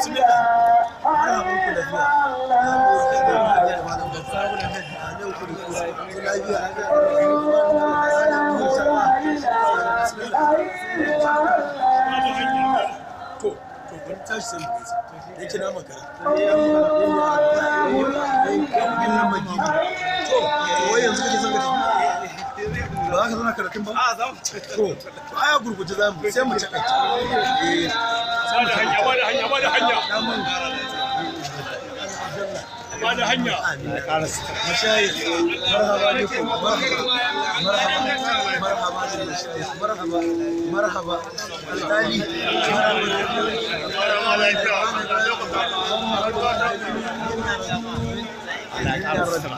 tashi sai mu ba za ka zauna karatun ba a za mu to aya gurguje za mu sai mu cakaita ba da hanya mashayi marhaba marhaba marhaba